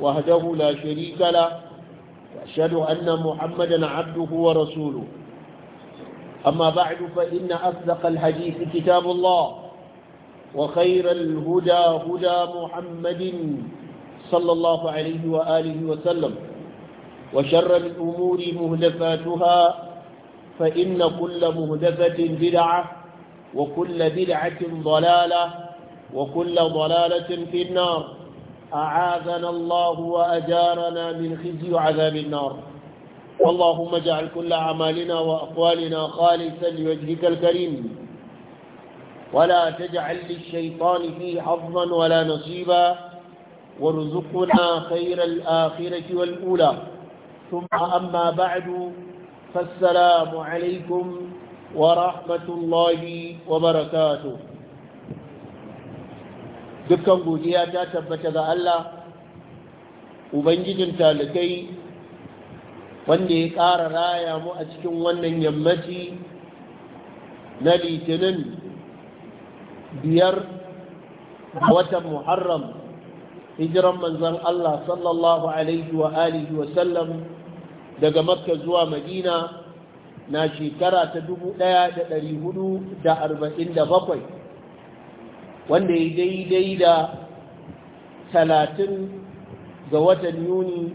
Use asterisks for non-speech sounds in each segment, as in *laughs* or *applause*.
وحده لا شريك له وأشهد أن محمدا عبده ورسوله أما بعد فإن أصدق الحديث كتاب الله وخير الهدى هدى محمد صلى الله عليه وآله وسلم وشر الأمور مهدفاتها فإن كل مهدفة بدعة وكل بدعة ضلالة وكل ضلالة في النار أعاذنا الله وأجارنا من خزي وعذاب النار اللهم اجعل كل أعمالنا وأقوالنا خالصا لوجهك الكريم ولا تجعل للشيطان فيه حظا ولا نصيبا وارزقنا خير الآخرة والأولى ثم أما بعد فالسلام عليكم ورحمة الله وبركاته dukkan godiya ta tabbata ga Allah ubangijin talikai wanda ya ƙara raya mu a cikin wannan yammaci na litinin biyar watan muharram hijiran manzan Allah sallallahu alaihi wa alihi wa sallam daga makka zuwa madina na shekara ta bakwai. wanda ya daidai da talatin ga watan yuni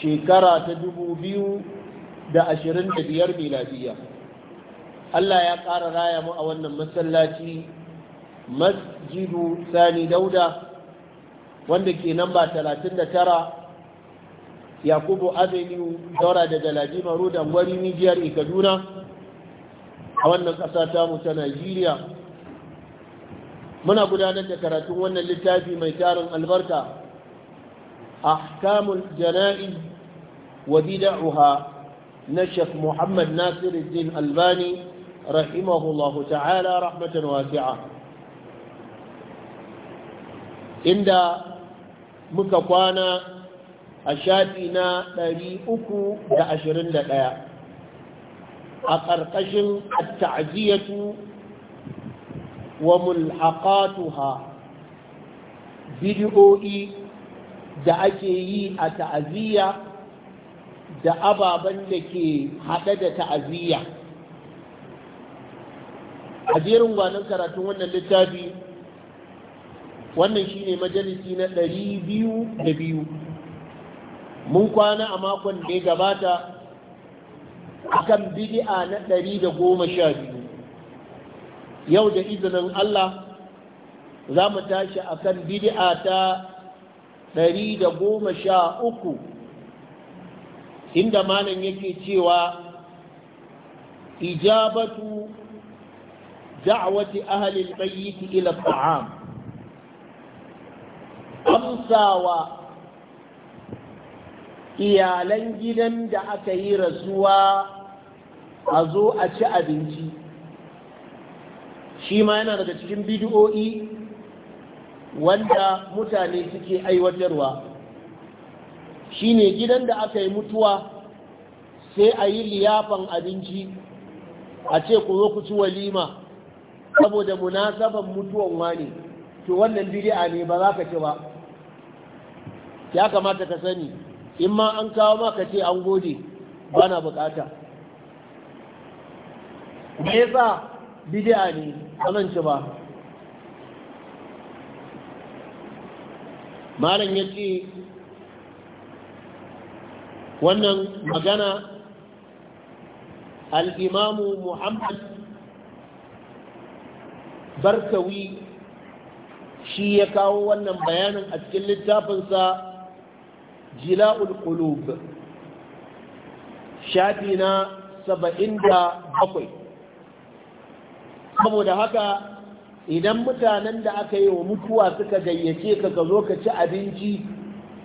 shekara ta dubu biyu da ashirin da biyar miladiya Allah ya ƙara raya mu a wannan masallaci masjidu sani dauda wanda ke namba talatin da tara yakubu avenue daura daga lajima road angwari nijiyar kaduna a wannan ƙasa ta najeriya muna gudanar da karatun wannan littafi mai tarin albarka Kamun jana'i Wadida uha na Sheikh Muhammad Nasiruddin Albani rahimahullahu ta'ala rahmatan wasi'a inda muka kwana a shafi na 321 a ƙarƙashin at wa mulhaqatuha bid'o'i da ake yi a ta'aziyya da ababen da ke haɗe da ta'aziyya a jerin gwanon karatun wannan littafi wannan shine majalisi na ɗari biyu da biyu mun kwana a makon da ya gabata akan bid'a na ɗari da goma sha biyu yau da izinin Allah za mu tashi a kan bid'a ta ɗari da goma sha uku inda malam yake cewa ijabatu da'wati ahalin bayyiti ila ta'am amsawa iyalan gidan da aka yi rasuwa a zo a ci abinci shi ma yana daga cikin bidiyo'i wanda mutane suke aiwatarwa ne gidan da aka yi mutuwa sai a yi liyafan abinci a ce ku zo ku ci walima saboda munasaban mutuwan wani to wannan bidi'a ne ba za ka ci ba ya kamata ka sani in ma an kawo maka ce an gode bana na bukata me yasa bidi'a ne ba ba malam ya ce wannan magana al'imamu muhammad barkawi shi ya kawo wannan bayanin a cikin littafinsa jila'ul qulub shafi na saba'in da bakwai saboda haka idan mutanen da aka yi wa mutuwa suka gayyace ka ka zo ka ci abinci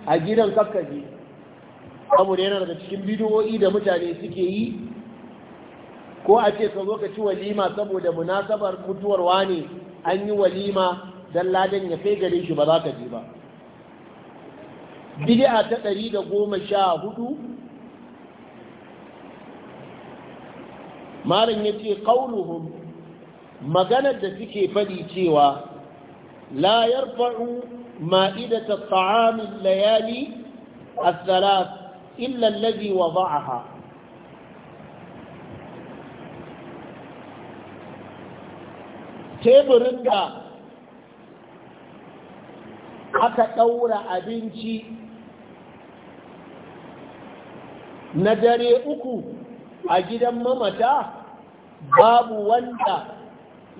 a gidan kakkaji saboda yana daga cikin bidiyoyi da mutane suke yi ko a ce ka zo ka ci walima saboda munasabar mutuwar wane an yi walima don ladan ya kai gare shi ba za ka ji ba Bidi'a ta ɗari da goma sha hudu malam ya ce ƙaunuhun maganar da suke faɗi cewa la yarfa'u ma'idata ta'amin layali as-salat illa allazi wada'aha teburin da aka ɗaura abinci na dare uku a gidan mamata babu wanda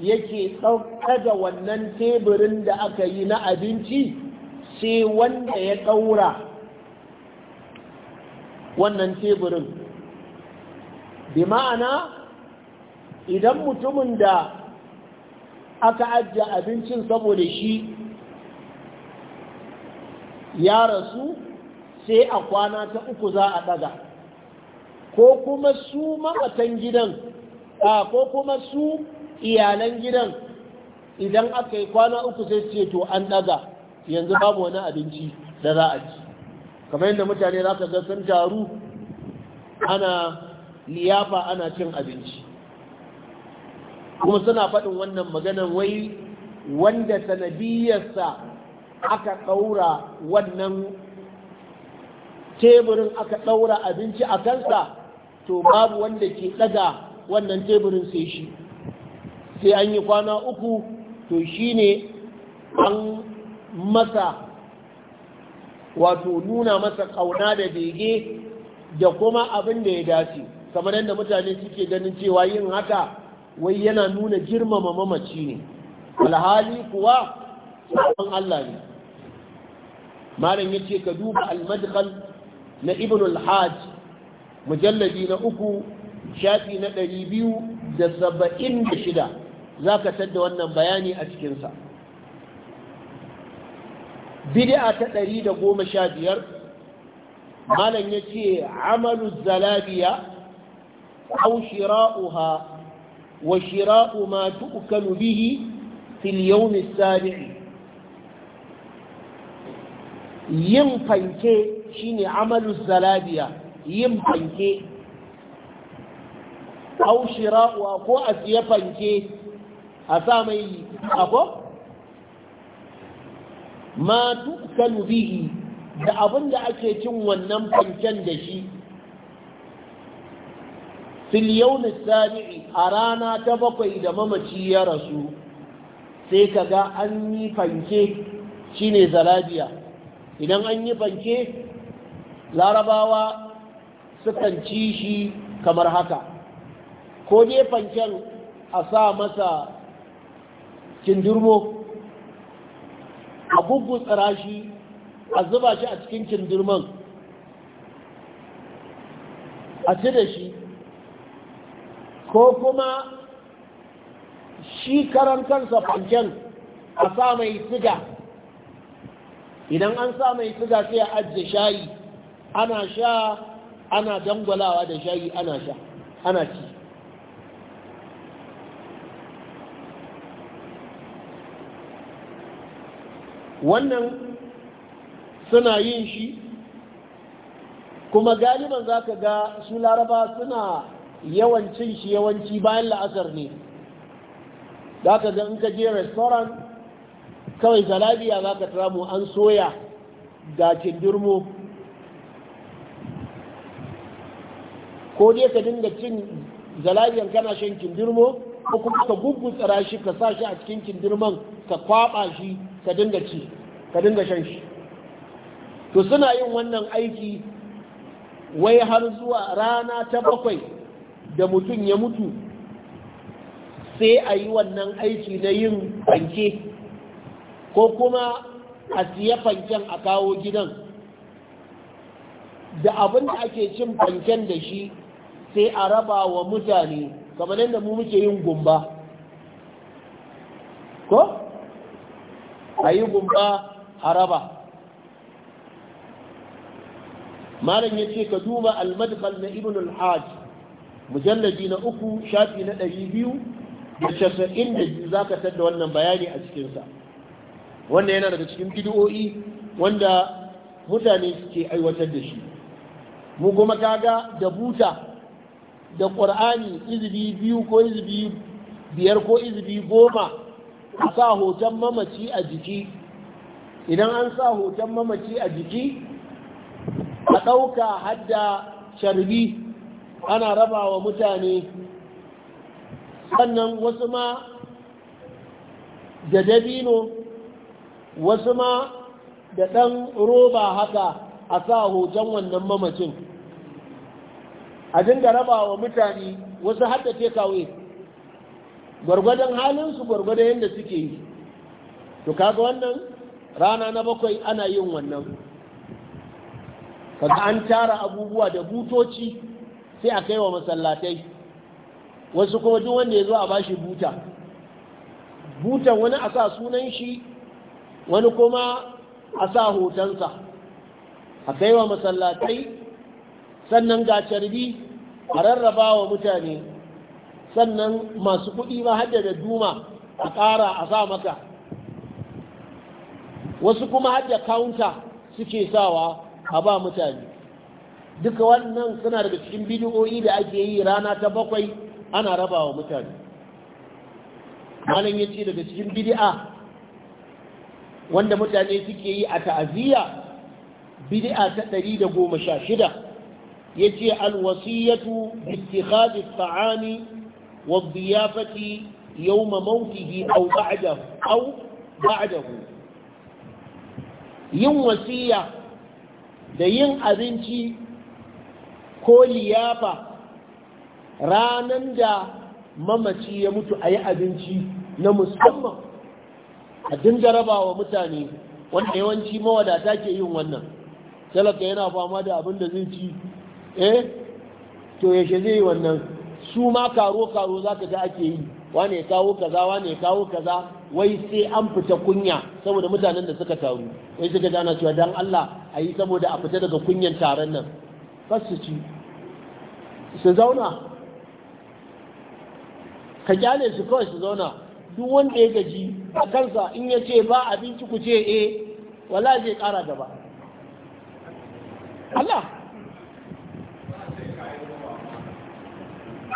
yake ɗauka da wannan teburin da aka yi na abinci sai wanda ya ɗaura wannan teburin bi ma'ana idan mutumin da aka ajiye abincin saboda shi ya rasu sai a kwana ta uku za a ɗaga ko kuma su mamatan gidan ko kuma su iyalan gidan idan aka yi kwana uku sai ce to an daga yanzu babu wani abinci da za a ci kamar yadda mutane za ka ga sun taru ana liyafa ana cin abinci kuma suna faɗin wannan maganan wai wanda sanadiyarsa aka ɗaura wannan teburin aka ɗaura abinci a kansa to babu wanda ke ɗaga wannan teburin sai shi sai an yi kwana uku to shine an masa wato nuna masa kauna da bege da kuma abin da ya dace kamar yadda mutane suke ganin cewa yin haka wai yana nuna girmama mamaci ne alhali kuwa sabon Allah ne malam yace ka duba al na ibn al-hajj mujalladi na uku shafi na 276 za ka tadda wannan bayani a cikinsa bid'a ta ɗari da goma sha biyar malam ya ce amalu zalabiya au shira'uha wa shira'u ma tu'kalu bihi fil yawmi sabi'i yin fanke shine amalu zalabiya yin fanke au shira'uha ko a siya fanke a sa mai ako ma tukalu bihi da abin da ake cin wannan fanken da shi fil yawm a rana ta bakwai da mamaci ya rasu sai ka ga an yi fanke shi ne zarabiya idan an yi fanke larabawa sukan ci shi kamar haka ko ne fanken a sa masa durmo a bugu shi a zuba shi a cikin cindirman a ci da shi ko kuma shi karan kansa fanken a sa mai siga idan an sa mai siga sai a ajiye shayi ana sha ana dangwalawa da shayi ana sha ana ci wannan suna yin shi kuma galiban za ka ga su laraba suna yawancin shi yawanci bayan la'asar ne za ka ga in ka je restaurant kawai zalabiya za ka tramu an soya da kindirmo ko dai ka dinga cin zalabiyan kana shan kindirmo ko kuma ka tsara shi ka sa shi a cikin kindirman ka kwaba shi ka dinga ci ka dinga shan shi to suna yin wannan aiki wai har zuwa rana ta bakwai da mutum ya mutu sai a yi wannan aiki na yin fanke ko kuma a siya fanken a kawo gidan da abin da ake cin fanken da shi sai a raba wa mutane kamar yadda mu muke yin gumba ko a yi gumba a raba malam ya ce ka duba almadbal na ibn al-hajj mujallabi na uku shafi na ɗari biyu da casa'in da za ka tadda wannan bayani a cikinsa wanda yana daga cikin bidiyo'i wanda mutane suke aiwatar da shi mu kuma kaga da buta da ƙur'ani izibi biyu ko izibi biyar ko izibi goma a sa hoton mamaci a jiki idan an sa hoton mamaci a jiki a ɗauka hadda sharbi ana raba wa mutane sannan wasu ma da dabino wasu ma da ɗan roba haka a sa hoton wannan mamacin a dinga raba wa mutane wasu hadda kawai, gwargwadon halinsu gwargwadon yadda suke yi to kaga wannan rana na bakwai ana yin wannan kaga an tara abubuwa da butoci sai a kai wa masallatai wasu kuma duk wanda ya zo a bashi buta butan wani a sa sunan shi wani kuma a sa hotonsa a kai wa masallatai sannan ga carbi a rarraba wa mutane sannan masu kuɗi ma hada da duma a ƙara a sa maka wasu kuma hada kaunta suke sawa a ba mutane duka wannan suna daga cikin bidiyoyi da ake yi rana ta bakwai ana raba wa mutane malam ya ce daga cikin bidi'a wanda mutane suke yi a ta'aziyya bidi'a ta ɗari da goma sha shida yace alwasiyatu ittikhadhi at-ta'ami wad-diyafati yawma mawtihi aw ba'dahu aw ba'dahu yin wasiya da yin abinci ko liyafa ranan da mamaci ya mutu a yi abinci na musamman a dinga rabawa mutane wanda yawanci mawadata ke yin wannan talaka yana fama da abin da zai ci eh to yaushe zai yi wannan su ma karo karo za ka ga ake yi wane kawo kaza wane kawo kaza wai sai an fita kunya saboda mutanen da suka taru wai suka gana cewa dan Allah a yi saboda a fita daga kunyan taron nan fasu su ci su zauna ka kyale su kawai su zauna duk wanda ya gaji a kansa in ya ce ba abinci ku ce eh wala zai kara gaba Allah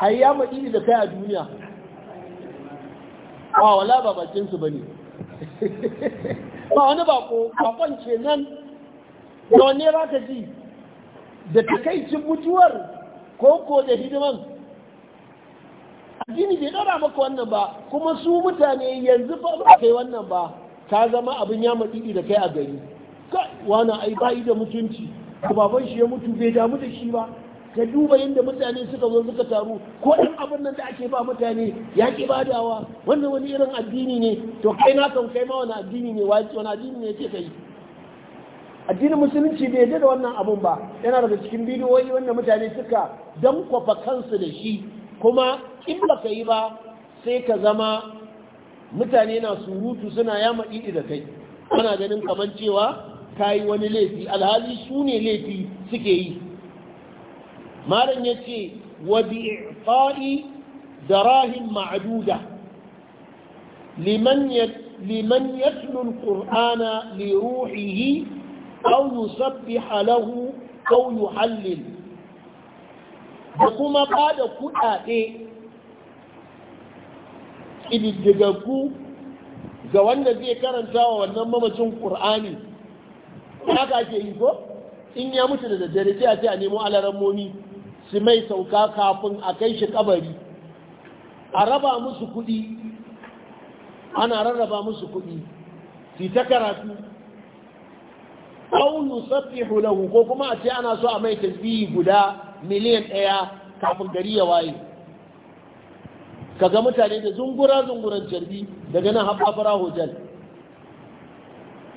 ai ya da kai a duniya ba wala ba bakinsu bane. ne ba wani bako bakon kwance nan da wani ka ji da takaicin mutuwar ko ko da hidiman addini bai dora maka wannan ba kuma su mutane yanzu ba ba kai wannan ba ta zama abin ya maɗi da kai a gari wani ai ba'i da mutunci ban shi ya mutu bai damu da shi ba ka duba yadda mutane suka zo suka taru ko ɗan abin nan da ake ba mutane ya ki badawa wannan wani irin addini ne to kai na kan kai ma wani addini ne wani addini ne ke kai addinin musulunci bai yadda da wannan abun ba yana daga cikin bidiyoyi wanda mutane suka kwafa kansu da shi kuma in ba ka yi ba sai ka zama mutane na surutu suna yama ɗiɗi da kai ana ganin kamar cewa ka yi wani laifi alhali su ne laifi suke yi malam ya ce wa da Rahim ma'aduda liman yatlu al-qur'ana li ruhihi aw yusabbiha halahu, aw yuhallil da kuma bada kuɗaɗe ƙididdigaggu ga wanda zai karanta wa wannan mamacin ƙur'ani haka ake yi ko in ya mutu da daddare sai a ce a nemo alaran momi su mai sauka kafin a kai shi kabari a raba musu kuɗi ana rarraba musu kuɗi su ta karatu ƙaunu safihu hulahu ko kuma a ce ana so a mai tasbihi guda miliyan ɗaya kafin gari ya waye kaga mutane da zungura zunguran jarbi daga nan haɓafara hotel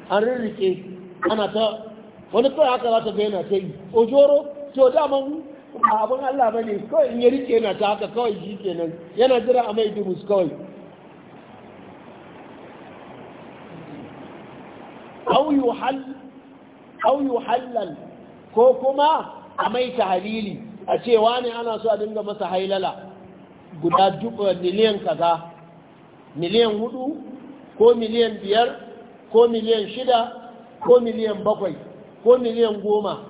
an rirrike ana ta wani kawai haka za ta gaina ta yi ojoro to daman ba abin Allah ba ne kawai in ya rike na ta haka kawai shi nan yana jira a mai dubus kawai au yi hallal ko kuma a mai tahalili a cewa ne ana so a dinga masa hailala guda eh, miliyan kaza miliyan hudu ko miliyan biyar ko miliyan shida ko miliyan bakwai ko miliyan goma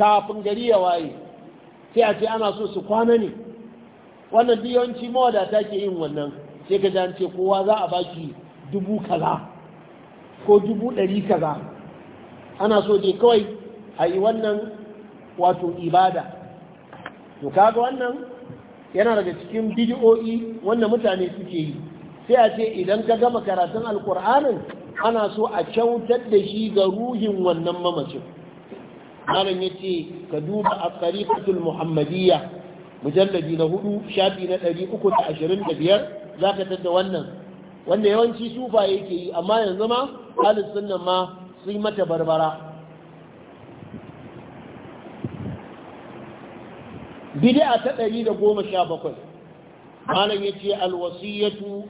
kafin gari ya waye sai a ce ana so su kwana ne wannan duk yawanci mawadata ke yin wannan sai ka an kowa za a baki dubu kaza ko dubu ɗari kaza ana so je kawai a yi wannan wato ibada to kaga wannan yana daga cikin bidiyo'i wannan mutane suke yi sai a ce idan ka gama karatun alkur'anin ana so a kyautar da shi ga ruhin wannan mamacin malam ya ce ka duba a tsarifatul muhammadiyya mujalladi na hudu shafi na ɗari uku da ashirin da biyar za ka tadda wannan wanda yawanci sufa yake yi amma yanzu ma halin sunnan ma sun mata barbara bid'a ta ɗari da goma sha bakwai malam ya ce alwasiyatu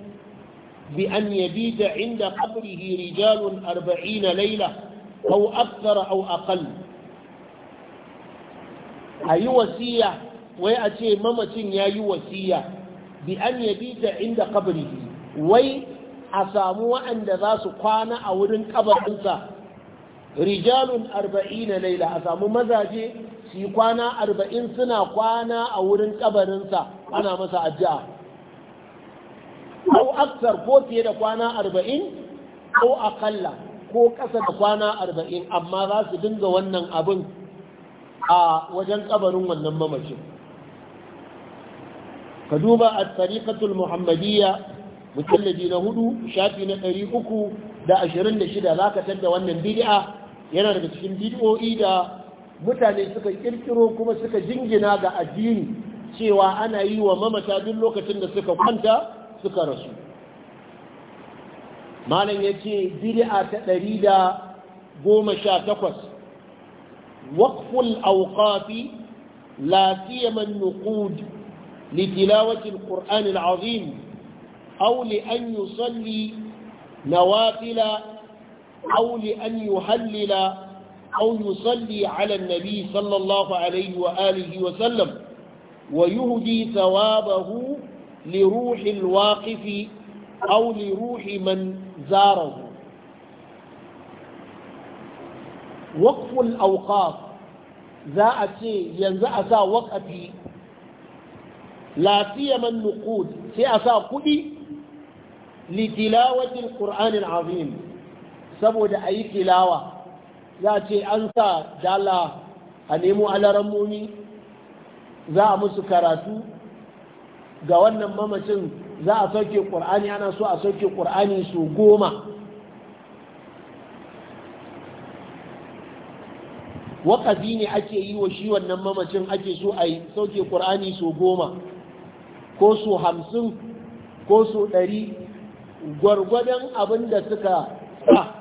bi an yabita inda qabrihi rijalun arba'ina laila أو أكثر أو أقل a yi wasiya wai a ce mamacin ya yi wasiya bi an ta inda kabari wai a samu wa'anda za su kwana a wurin kabarinsa rijalun arba'ina, na laila a samu mazaje su yi kwana arba'in suna kwana a wurin kabarinsa ana masa ajiya. ko aksar ko fiye da kwana arba'in ko akalla ko ƙasa da kwana arba'in amma za su dinga wannan abin a wajen kabarin wannan mamacin ka duba a tariƙatul muhammadiyya mutallabi na hudu shafi na ɗari uku da ashirin da shida za ka tadda wannan bidi'a yana daga cikin bid'o'i da mutane suka ƙirƙiro kuma suka jingina ga addini cewa ana yi wa mamata duk lokacin da suka kwanta suka rasu malam ya ce bidi'a ta ɗari da goma sha takwas وقف الأوقات لا سيما النقود لتلاوة القرآن العظيم أو لأن يصلي نوافل أو لأن يهلل أو يصلي على النبي صلى الله عليه وآله وسلم ويهدي ثوابه لروح الواقف أو لروح من زاره waqful awqaf za a ce yanzu a sa waqafi lafiya man nuqud sai a sa kudi litilawati alqur'an alazim saboda ayi tilawa za a ce an sa dala a nemo alarammomi za a musu karatu ga wannan mamacin za a sauke ƙur'ani ana so a sauke ƙur'ani su goma waƙafi ne ake yi wa shi wannan mamacin ake so a yi sauke ƙur'ani so goma ko so hamsin ko so ɗari gwargwadon abin da suka sa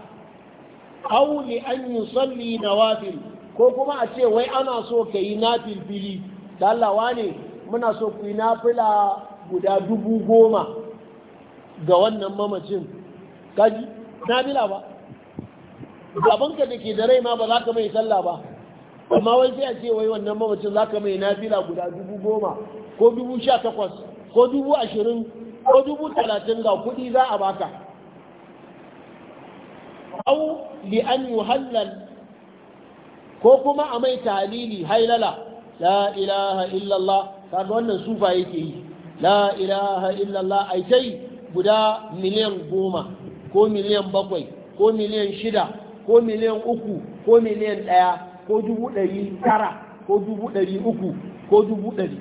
auli an yi salli na wafil ko kuma a ce wai ana so ka yi na filfili ne muna so ku yi na fila guda dubu goma ga wannan mamacin kaji na bila ba abinka da ke da rai ma ba za ka mai sallah ba amma wai sai a ce wai wannan mamacin za ka mai nafila guda dubu goma ko dubu sha takwas ko dubu ashirin ko dubu talatin ga kudi za a baka au li an yuhallal ko kuma a mai talili hailala la ilaha illallah kaga wannan sufa yake yi la ilaha illallah ai sai guda miliyan goma ko miliyan bakwai ko miliyan shida ko miliyan uku ko miliyan ɗaya ko dubu ɗari tara ko dubu ɗari uku ko dubu ɗari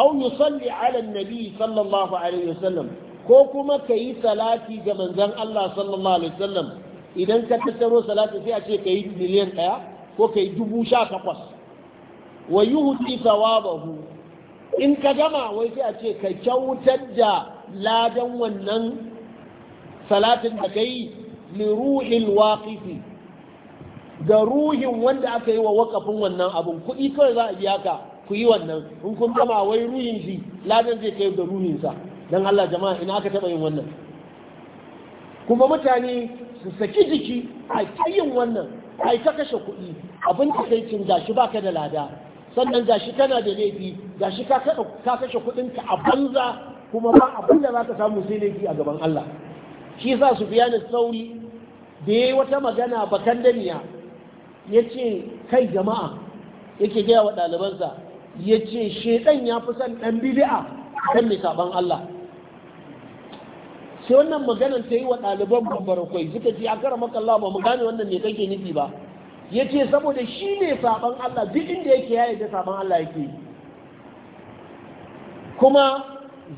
aw salli ala nabi sallallahu alaihi wasallam ko kuma ka yi salati ga manzan Allah sallallahu alaihi wasallam idan ka tattaro salati sai a ce ka yi miliyan ɗaya ko ka yi dubu sha takwas wa yi yuhdi thawabahu in ka gama wai sai a ce ka kyautar da ladan wannan salatin da ka yi liruhil waqifi Da ruhin wanda aka yi wa wakafin wannan abin kuɗi kawai za a biya ka ku yi wannan in kun gama wai ruhin shi ladan zai kai da ruhinsa don Allah jama'a ina aka taɓa yin wannan kuma mutane su saki jiki a wannan a ta kashe kuɗi abin da kai cin gashi baka da lada sannan gashi kana da laifi gashi ka kashe kuɗinka a banza kuma ba abin da za ka samu sai laifi a gaban Allah shi sa su biya ni sauri da ya yi wata magana bakan daniya ya ce kai jama'a yake gaya wa ɗalibansa ya ce shaidan ya fi son ɗan bidi'a kan mai saɓan Allah sai wannan maganar ta yi wa ɗaliban kwai suka ce a kara makalla ba mu gane wannan ne kake nufi ba ya ce saboda shi ne saɓan Allah duk inda yake ya yadda saɓan Allah yake yi kuma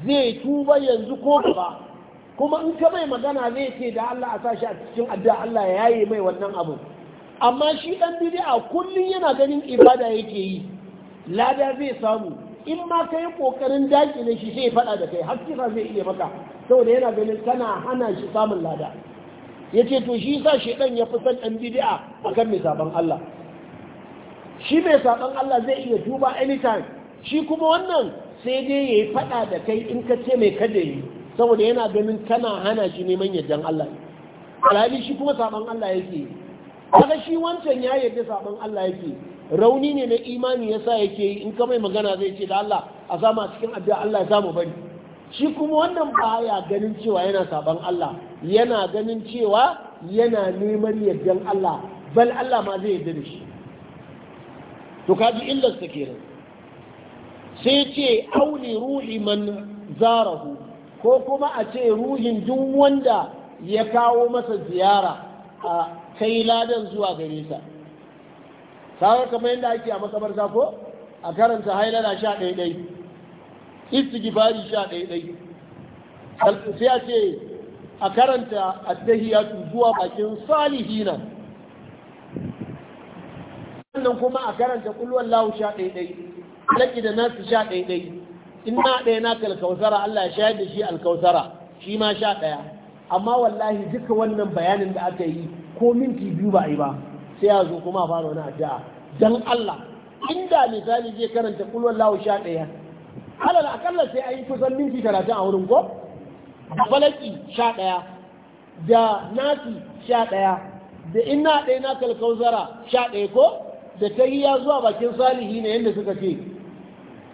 zai tuba yanzu ko gaba kuma in ka mai magana zai ce da Allah a sashi a cikin addu'a Allah ya yaye mai wannan abu amma shi ɗan bidi'a kullum yana ganin ibada yake yi lada zai samu in ma kai kokarin daki da shi sai faɗa da kai hakika zai iya maka saboda yana ganin kana hana shi samun lada Ya ce to shi sa ɗan ya fi san dan a akan mai saban Allah shi mai saban Allah zai iya duba anytime shi kuma wannan sai dai ya yi faɗa da kai in ka ce mai kada yi saboda yana ganin kana hana shi neman yardan Allah alhali shi kuma saban Allah yake yi kaga shi wancan ya yarda sabon Allah yake rauni ne na imani yasa yake yi in ka mai magana zai ce da Allah a sama cikin addu'a Allah ya samu bari shi kuma wannan baya ganin cewa yana sabon Allah yana ganin cewa yana neman yardan Allah bal Allah ma zai yarda da shi to kaji illar sa kenan sai ce auli ruhi man zarahu ko kuma a ce ruhin duk wanda ya kawo masa ziyara a kai ladan zuwa gare sa. sawar kamar yadda ake a sa ko a karanta hailala sha ɗaiɗai istigifari sha ɗaiɗai sai a ce a karanta attahiyatu zuwa bakin salihina sannan kuma a karanta kulwar lahu sha ɗaiɗai laki da nasu sha ɗaiɗai in na ɗaya na kalkausara Allah ya shayar da shi alkausara shi ma sha ɗaya amma wallahi duka wannan bayanin da aka yi ko minti biyu ba a yi ba sai ya zo kuma fara wani addu'a dan Allah inda misali zai karanta kulwar lawo sha ɗaya alal akalla sai a yi kusan minti talatin a wurin ko da falaki sha ɗaya da nasi sha ɗaya da ina ɗaya na kalkauzara sha ɗaya ko da ta yi ya zuwa bakin salihi ne yadda suka ce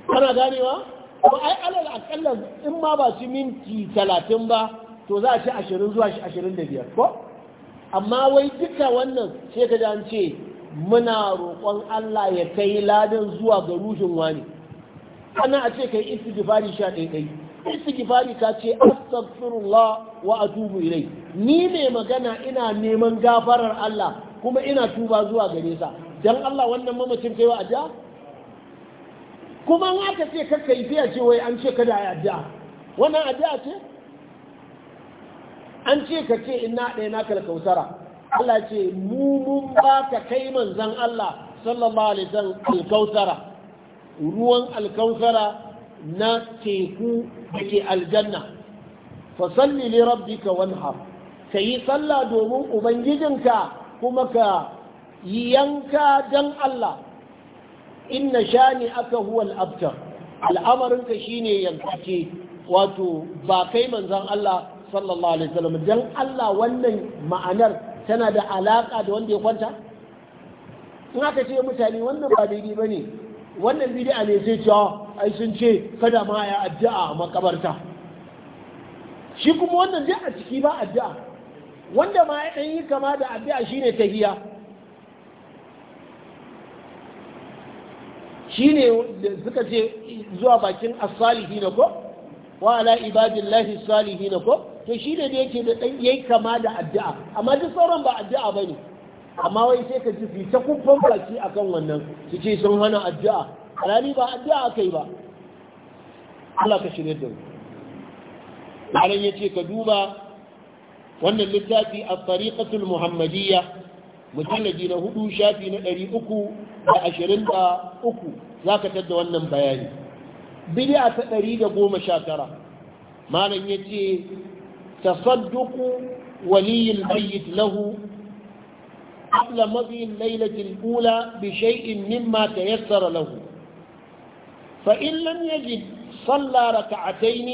kana ganewa Ko ai alal akalla in ma ba su minti talatin ba to za a ci ashirin zuwa ashirin da biyar ko amma wai duka wannan sai ka an ce muna roƙon Allah ya kai ladan zuwa ga ruhin wani ana a ce kai istighfari sha ɗaya kai istighfari ka ce astaghfirullah wa atubu ilai ni ne magana ina neman gafarar Allah kuma ina tuba zuwa gare sa dan Allah wannan mamacin kai wa addu'a kuma wata aka ce kakka yi fiya ce wai an ce kada ya addu'a wannan addu'a ce an ce ka ce inna ɗaya na kalkautara Allah ce mu mun ba ka kai manzan Allah sallallahu alaihi wasallam alkautara ruwan alkautara na teku da ke aljanna fasalli li rabbika wanhar ka yi sallah domin ubangijinka kuma ka yi yanka dan Allah inna shani aka huwa al'abtar al'amarinka shine yankace wato ba kai manzan Allah sallallahu alaihi wasallam dan Allah wannan ma'anar tana da alaka da wanda ya kwanta in aka ce mutane wannan ba daidai ba ne, wannan bid'a ne sai cewa ah, ai sun ce kada ma ya addu'a a makabarta shi kuma wannan duk a ciki ba addu'a wanda ma ya dan yi kama da addu'a shine tahiyya shine da suka ce zuwa bakin as-salihin ko wa ala ibadillahi as-salihin ko to shi ne da yake da ɗan yayi kama da addu'a amma duk sauran ba addu'a ba ne amma wai sai ka ji ta kuffan baki akan wannan su ce sun hana addu'a alhali ba addu'a aka yi ba Allah ka shirya da mu malam ya ce ka duba wannan littafi a tariqatul muhammadiyya mujalladi na hudu shafi na ɗari uku da ashirin da uku za ka tadda wannan bayani bidi'a ta ɗari da goma sha tara malam ya ce تصدق ولي الميت له قبل مضي الليلة الأولى بشيء مما تيسر له فإن لم يجد صلى ركعتين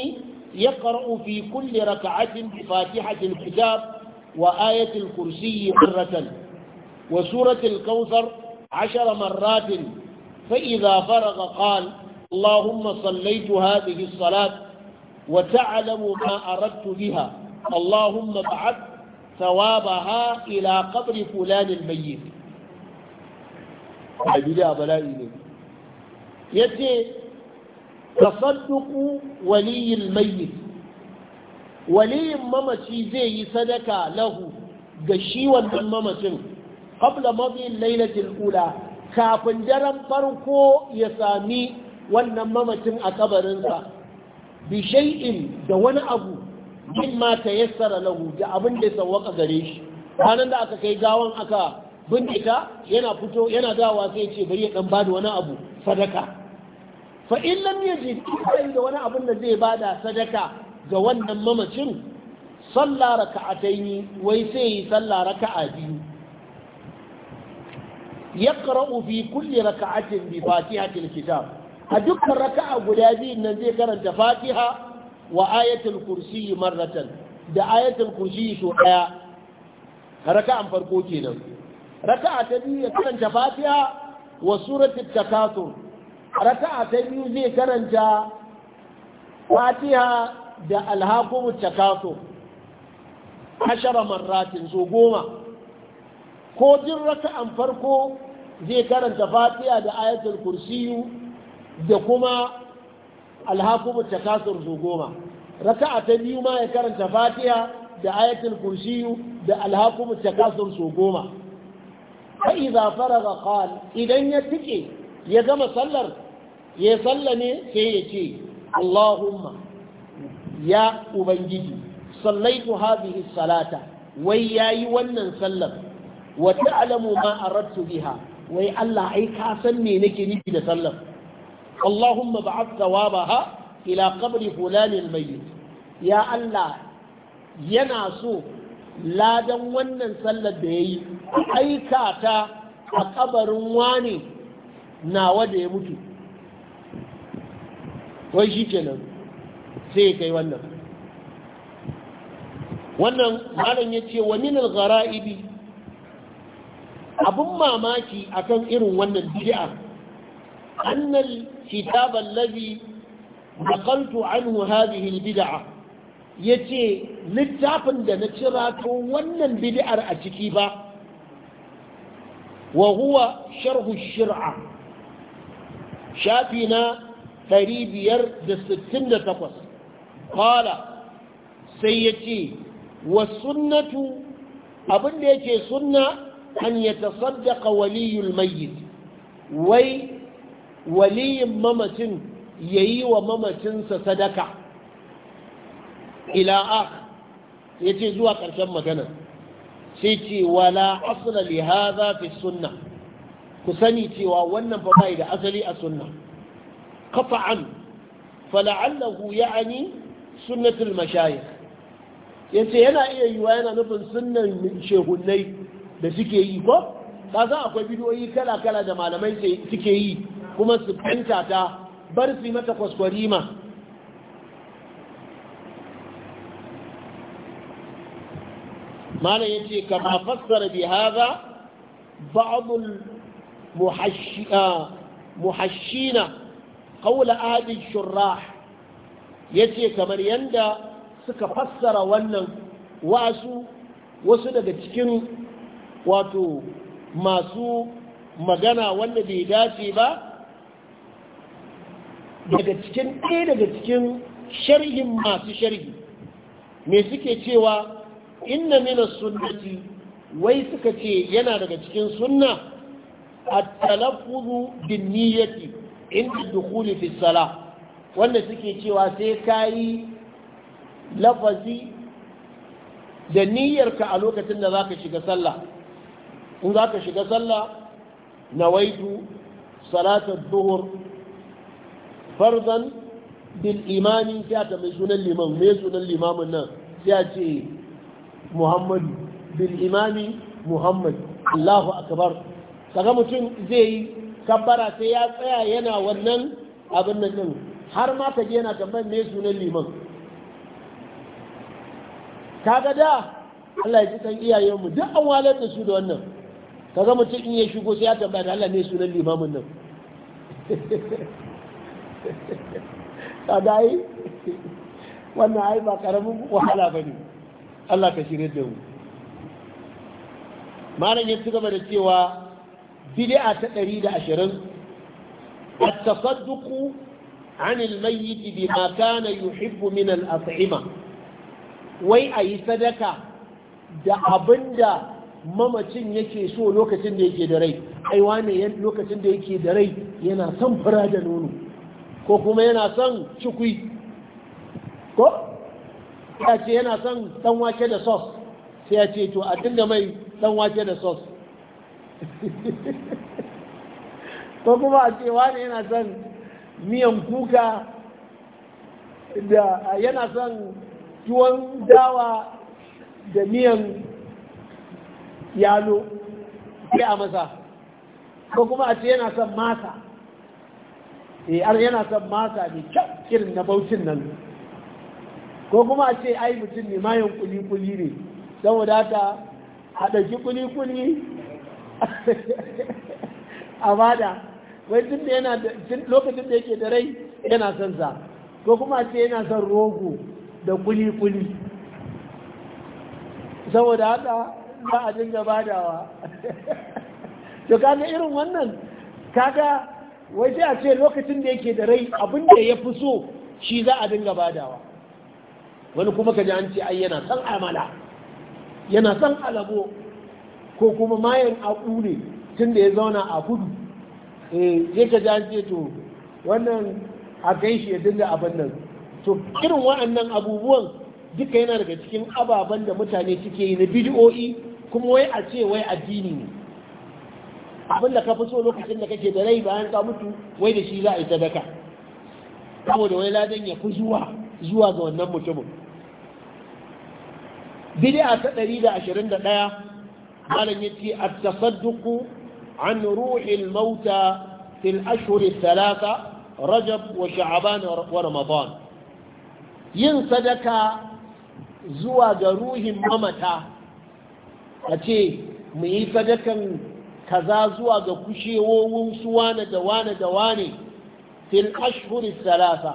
يقرأ في كل ركعة بفاتحة الكتاب وآية الكرسي مرة وسورة الكوثر عشر مرات فإذا فرغ قال اللهم صليت هذه الصلاة وتعلم ما أردت بها اللهم ابعث ثوابها إلى قبر فلان الميت أبدا بلائي يتي تصدق ولي الميت ولي ممتي زي صدقة له قشيوا من ممتي قبل مضي الليلة الأولى kafin daren farko ya sami wannan mamacin a kabarinsa bishai'in da wani abu ma ta yassara lahu da abin da sawwaka gare shi ranar da aka kai gawan aka bindika yana fito yana dawa sai ce bari ya dan bada wani abu sadaka fa in lam yajid da wani abin da zai bada sadaka ga wannan mamacin salla raka'atayn wai sai yi salla raka'a biyu yaqra'u fi kulli raka'atin bi fatihatil kitab a dukkan raka'a guda biyun nan zai karanta fatiha wa ayatul kursi marratan da ayatul kursi so daya raka'an farko kenan raka'a ta biyu ya karanta fatiha wa suratul takathur raka'a ta biyu zai karanta fatiha da alhaqumut takathur ashara marratin so goma ko jin raka'an farko zai karanta fatiha da ayatul kursiyu da kuma alhakumu takasur su goma raka'a ta biyu ma ya karanta fatiha da ayatul kursiyu da alhakumu takasur su goma fa idza faraga qal idan ya tike ya gama sallar ya sallame sai ya ce Allahumma ya ubangiji sallaitu hadhihi salata wai yayi wannan sallar wa ta'lamu ma aradtu biha wai Allah ai ka san me nake nufi da sallar Allahumma ba'ath thawabaha ila qabri fulanil mayyit ya Allah yana so ladan wannan sallar da yayi aika ta a kabarin wani nawa da ya mutu wai shi kenan sai kai wannan wannan malam ya ce wa min al-ghara'ibi abun mamaki akan irin wannan bid'a أن الكتاب الذي نقلت عنه هذه البدعة يتي لتافن دا نتراك ونن بدعة أتكيبا وهو شرح الشرعة شافنا قريب يرد الستين تقص قال سيتي والسنة abin da yake sunna an ya tasaddaka waliyul mayyit wai waliyin mamacin ya yi wa mamacinsa sadaka ila ah, ya ce zuwa ƙarshen magana sai ce wala asala li hadha fi sunna ku sani cewa wannan fa bai da asali a sunna qata'an fala'allahu ya'ani sunnatul mashayikh yace yana iya yiwa yana nufin sunnan shehunnai da suke yi ko kaza akwai bidiyoyi kala kala da malamai suke yi kuma su fanta ta bar su mata kwaskwarima mana ya ce kama fassara bi haza ba'adul muhashina kawula adin shurrah ya ce kamar yadda suka fassara wannan wasu wasu daga cikin wato masu magana wanda bai dace ba daga cikin ɗaya daga cikin shari'in masu sharhi me suke cewa inna mina sunnati wai suka ce yana daga cikin sunna a talaffuzu bin niyyati inda dukhuli fi salah wanda suke cewa sai kayi lafazi da niyyarka a lokacin da zaka shiga sallah in zaka shiga sallah nawaitu salatar duhur farzan bil imani sai a tambayi sunan liman mai sunan limamin nan sai a ce muhammadu bil imani muhammad allahu akbar kaga mutum zai yi kabbara sai ya tsaya yana wannan abin nan din har ma ta yana tambayar mai sunan liman kaga da Allah ya ji kan iyayenmu duk an walar da su da wannan kaga mutum in ya shigo sai ya tambaya da Allah ne sunan limamin nan *laughs* kaga ai wannan ai ba karamin wahala ba ne. Allah ka shirye da mu malam ya gaba da cewa bid'a ta 120 at-tasadduq عن الميت بما كان يحب من الأطعمة وي أي صدقة da abin da mamacin yake so lokacin da yake da rai aiwa ne lokacin da yake da rai yana son fura da nono ko kuma yana son cikui ko ya ce yana son dan wake da sos sai ya ce to a dinga mai dan wake da sos *laughs* ko kuma a ce wani yana son miyan kuka da yana son tuwon dawa da miyan yalo sai a masa ko kuma a ce yana son masa e har yana son masa mai kyau irin na bautin nan ko kuma a ce ai mutum ne mayan kuli-kuli ne saboda ta a ɗauki kuli-kuli *laughs* a bada wai tun da yana lokacin da yake da rai yana son sa ko kuma a ce yana son rogo da kuli-kuli saboda haka ba a dinga badawa *laughs* to kaga irin wannan kaga wai sai a ce lokacin da yake da rai abin da ya fi so shi za a dinga badawa wani kuma ka ji an ce ai yana son amala yana son alabo ko kuma mayan abu ne tun da ya zauna a kudu eh sai ka ji an ce to wannan a kai shi ya dinga abin nan to irin waɗannan abubuwan duka yana daga cikin ababen da mutane suke yi na bidiyo'i kuma wai a ce wai addini ne abin da ka fi so lokacin da kake da rai bayan ka mutu wai da shi za a yi sadaka saboda wai ladan ya fi zuwa zuwa ga wannan mutumin bid'a ta 121 malam yace at-tasadduq an ruhil mauta fil ashhur ath-thalatha rajab wa sha'ban wa ramadan yin sadaka zuwa ga ruhin mamata a ce mu yi sadakan kaza zuwa ga kushewowin su wane da wane da wane fil ashhuri salasa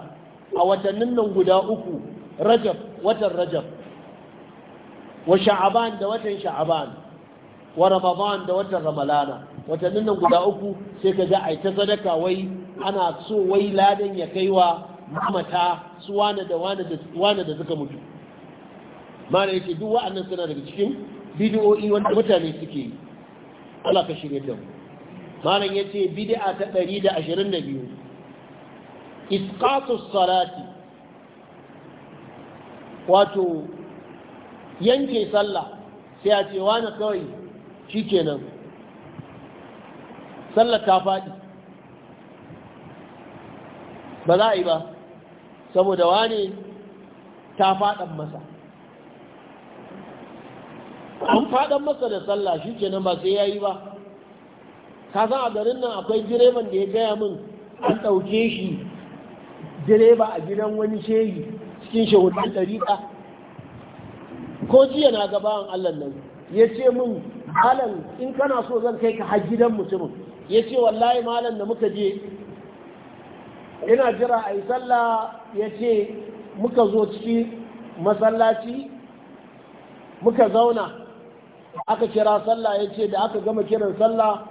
a watannin nan guda uku rajab watan rajab wa sha'aban da watan sha'aban wa ramadan da watan ramalana watannin nan guda uku sai ka ga ai ta sadaka wai ana so wai ladan ya kaiwa mamata su wane da wane da wane da suka mutu mana yake duk wa'annan suna daga cikin bidiyo'i wanda mutane suke yi Allah ka shirye da mu malam yace bid'a ta 122 isqatu salati wato yanke sallah sai a ce wani kawai shikenan sallah ta faɗi ba za a yi ba saboda wani ta faɗan masa an fadan masa da sallah shi ke nan ba sai ya yi ba ka san a garin nan akwai direban da ya gaya min an ɗauke shi direba a gidan wani shehi cikin shahudin ɗariƙa ko jiya na gaba allah nan ya ce min malam in kana so zan kai ka har gidan mutumin ya ce wallahi malam da muka je ina jira a yi sallah ya ce muka zo cikin masallaci muka zauna aka kira sallah ya ce da aka gama kiran sallah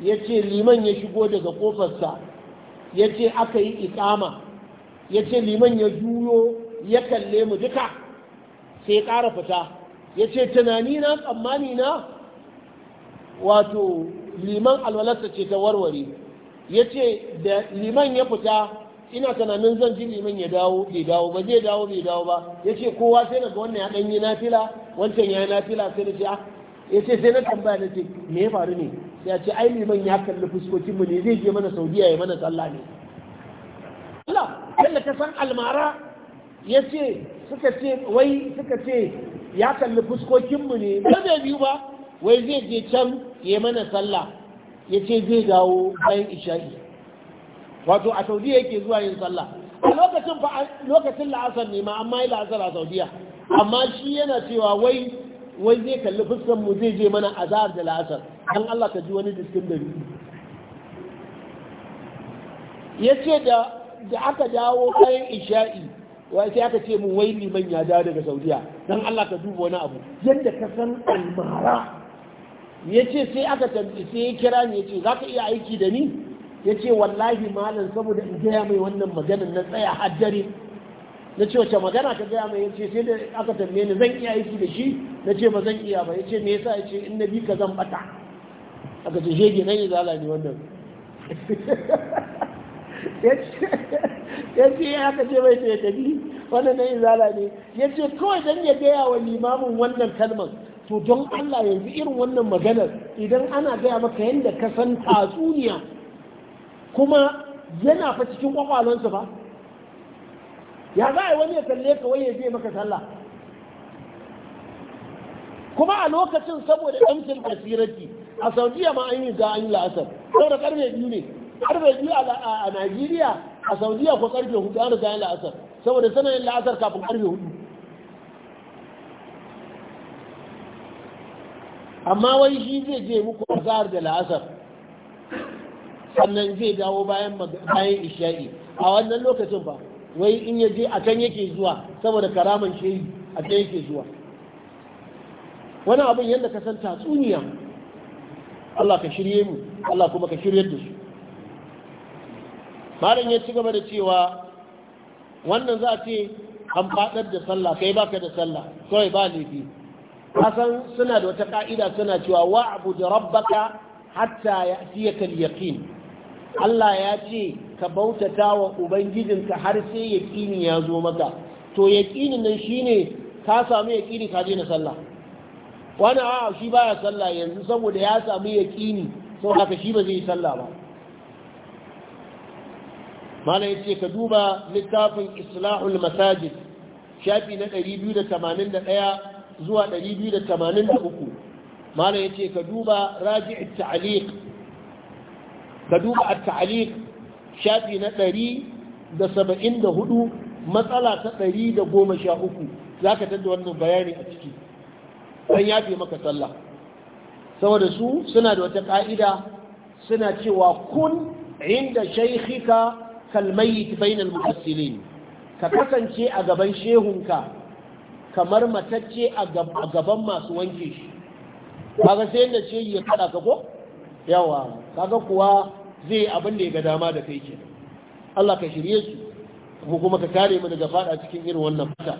ya ce liman ya shigo daga kofarsa ya ce aka yi ikama ya ce liman ya juyo ya kalle mu duka sai ƙara fita ya ce tunani na tsammani na wato liman alwalarsa ce ta warware ya ce da liman ya fita ina tunanin zan ji liman ya dawo bai dawo ba zai dawo bai dawo ba ya ce kowa sai daga wannan ya ɗanyi nafila wancan ya yi nafila sai da ce ah ya ce sai na tambaya na ce me ya faru ne ya ce ai liman ya kalli fuskokin mu ne zai je mana saudiya ya mana sallah ne Allah kalla ta san almara ya ce suka ce wai suka ce ya kalli fuskokin mu ne ba zai biyu ba wai zai je can ya mana sallah ya ce zai dawo bayan isha'i wato a saudiya yake zuwa yin sallah a lokacin fa lokacin la'asar ne ma amma yi la'asar a saudiya amma shi yana cewa wai wai zai kalli fuskan mu zai je mana azar da la'asar dan Allah ka ji wani diskin da Ya da da aka dawo bayan isha'i wai sai aka ce mu wai liman ya dawo daga saudiya dan Allah ka duba wani abu yadda ka san almara yace sai aka tambaye sai ya kira ni yace zaka iya aiki da ni ya ce wallahi malam saboda in gaya mai wannan maganin na tsaya haddare na ce wace magana ka gaya mai yace sai da aka tambaye ni zan iya aiki da shi na ce ba zan iya ba yace me yasa yace in na bi ka zan bata aka ce shege nan ya zala ne wannan *laughs* yace ya aka ce bai ya tafi wannan nan izala ne yace kawai dan ya gaya wa limamin wannan kalmar to don Allah yanzu irin wannan maganar idan ana gaya maka yadda ka san tatsuniya kuma yana fa cikin kwakwalonsa ba ya za a yi wani ya kalle ka wai ya je maka sallah kuma a lokacin saboda ɗancin basirarki a saudiya ma an yi za an yi la'asar saboda karfe biyu ne karfe biyu a najeriya a saudiya ko karfe hudu an riga yin la'asar saboda sanayin la'asar kafin karfe hudu amma wai shi zai je muku azhar da la'asar sannan zai dawo bayan bayan isha'i a wannan lokacin ba wai in ya je a can yake zuwa saboda karaman shehi a can yake zuwa wani abin yadda ka san tatsuniya Allah ka shirye mu Allah kuma ka shirye da su malam ya ci gaba da cewa wannan za a ce an faɗar da sallah kai baka da sallah kawai ba laifi kasan suna da wata ka'ida suna cewa wa'budu rabbaka hatta ya'tiyaka al-yaqin Allah ya ce ka bautata wa ubangijinka har sai yaƙini ya zo maka to yaƙinin nan shine ka samu yaƙini ka je na sallah wani a'a shi baya sallah yanzu saboda ya samu yaƙini sau haka shi ba zai sallah ba mala ya ka duba littafin islahul masajid shafi na 281 zuwa 283 mala ya ka duba raji'ar ta'liq ka duba at-ta'liq shafi na 174 matsala ta 113 ka tada wannan bayani a ciki dan yafe maka sallah saboda su suna da wata ka'ida suna cewa kun inda shaykhika kalmayit bainal muhassilin ka kasance a gaban shehunka kamar matacce a gaban masu wanke shi kaga sai da ce ya kada ka ko yawa kaga kuwa zai abin da ya ga dama da kai ke Allah ka shirye su ko kuma ka kare mu daga fada cikin irin wannan fata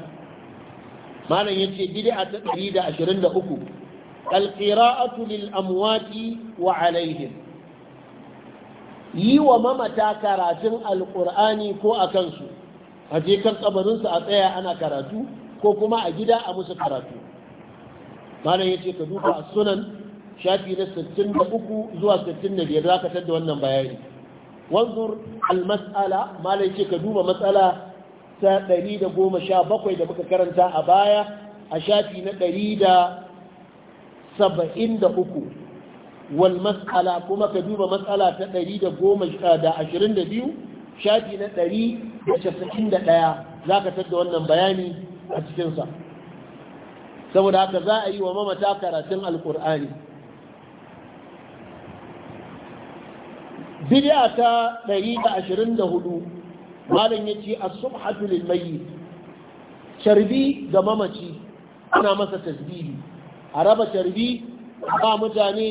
malam yace bid'a ta 123 al-qira'atu lil amwati wa alayhim yi wa mamata karatun alqur'ani ko akan su a je kan kabarin su a tsaya ana karatu ko kuma a gida a musu karatu malam yace ka duba sunan shafi na 63 zuwa 65 za ka tadda wannan bayani wanzur al-mas'ala malai ce ka duba matsala ta 117 da muka karanta a baya a shafi na 173 wal mas'ala kuma ka duba matsala ta 122 shafi na 191 za ka tadda wannan bayani a cikinsa saboda haka za a yi wa mamata karatun alkur'ani bid'a ta 124 malam ya ce subhatu lil carbi ga mamaci ana masa tasbihi a raba tarbi ba mutane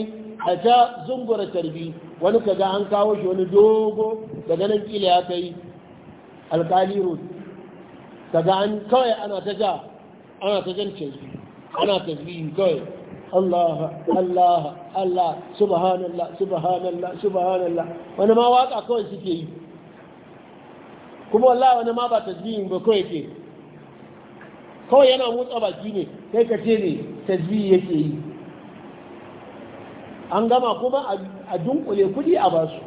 a ta zungura tarbi wani kaga an kawo shi wani dogo daga nan kila ya kai alkali road kaga an kawai ana ta ja ana ta jan ana tasbihi kawai Allah Allah Allah subhanallah subhanallah subhanallah wani ma waka kawai suke yi kuma Allah wani ma ba tasbihin ba kawai ke kawai yana motsa baki ne sai ka ce ne tasbihi yake yi an gama kuma a dunkule kudi a basu